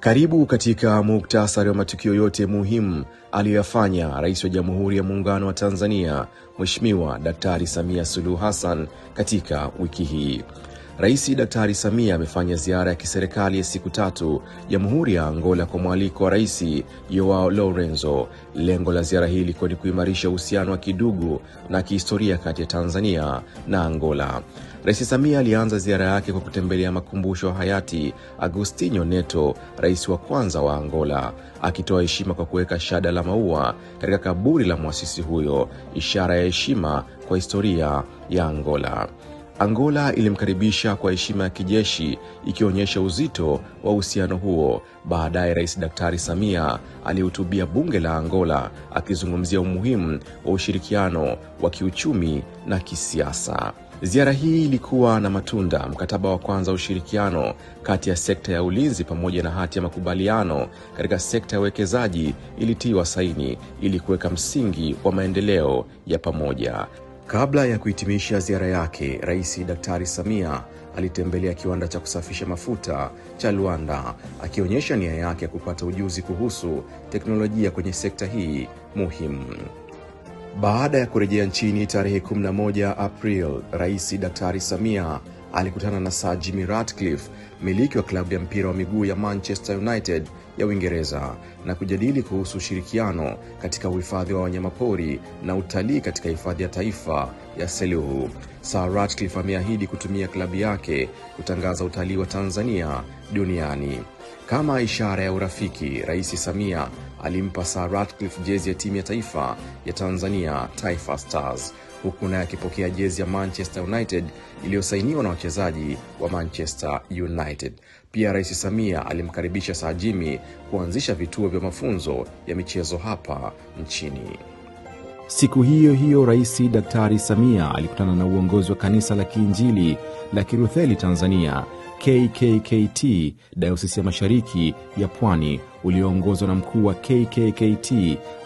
Karibu katika muktasari wa matukio yote muhimu aliyoyafanya Rais wa Jamhuri ya Muungano wa Tanzania Mheshimiwa Daktari Samia Suluhu Hassan katika wiki hii. Rais Daktari Samia amefanya ziara ya kiserikali ya siku tatu Jamhuri ya Angola kwa mwaliko wa Rais Joao Lorenzo. Lengo la ziara hii ilikuwa ni kuimarisha uhusiano wa kidugu na kihistoria kati ya Tanzania na Angola. Rais Samia alianza ziara yake kwa kutembelea makumbusho ya hayati Agostinho Neto, rais wa kwanza wa Angola, akitoa heshima kwa kuweka shada la maua katika kaburi la mwasisi huyo, ishara ya heshima kwa historia ya Angola. Angola ilimkaribisha kwa heshima ya kijeshi ikionyesha uzito wa uhusiano huo. Baadaye Rais Daktari Samia alihutubia bunge la Angola akizungumzia umuhimu wa ushirikiano wa kiuchumi na kisiasa. Ziara hii ilikuwa na matunda: mkataba wa kwanza wa ushirikiano kati ya sekta ya ulinzi pamoja na hati ya makubaliano katika sekta ya uwekezaji ilitiwa saini ili kuweka msingi wa maendeleo ya pamoja. Kabla ya kuhitimisha ziara yake, Rais Daktari Samia alitembelea kiwanda cha kusafisha mafuta cha Luanda akionyesha nia yake ya kupata ujuzi kuhusu teknolojia kwenye sekta hii muhimu. Baada ya kurejea nchini tarehe 11 Aprili, Rais Daktari Samia alikutana na Sir Jimmy Ratcliffe, miliki wa klabu ya mpira wa miguu ya Manchester United ya Uingereza, na kujadili kuhusu ushirikiano katika uhifadhi wa wanyamapori na utalii katika hifadhi ya taifa ya seluhu Sir Ratcliffe ameahidi kutumia klabu yake kutangaza utalii wa Tanzania duniani. Kama ishara ya urafiki, Rais Samia alimpa Sir Ratcliffe jezi ya timu ya taifa ya Tanzania, Taifa Stars huku naye akipokea jezi ya Manchester United iliyosainiwa na wachezaji wa Manchester United. Pia Rais Samia alimkaribisha saajimi kuanzisha vituo vya mafunzo ya michezo hapa nchini. Siku hiyo hiyo Rais Daktari Samia alikutana na uongozi wa kanisa la Kiinjili la kirutheli Tanzania KKKT Dayosisi ya Mashariki ya Pwani ulioongozwa na mkuu wa KKKT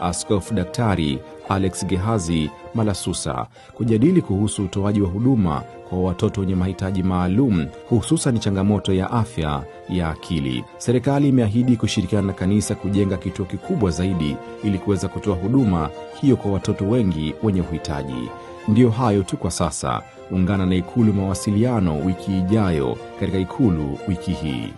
Askofu Daktari Alex Gehazi Malasusa kujadili kuhusu utoaji wa huduma kwa watoto wenye mahitaji maalum hususan changamoto ya afya ya akili. Serikali imeahidi kushirikiana na kanisa kujenga kituo kikubwa zaidi ili kuweza kutoa huduma hiyo kwa watoto wengi wenye uhitaji. Ndiyo hayo tu kwa sasa. Ungana na Ikulu Mawasiliano wiki ijayo katika Ikulu Wiki Hii.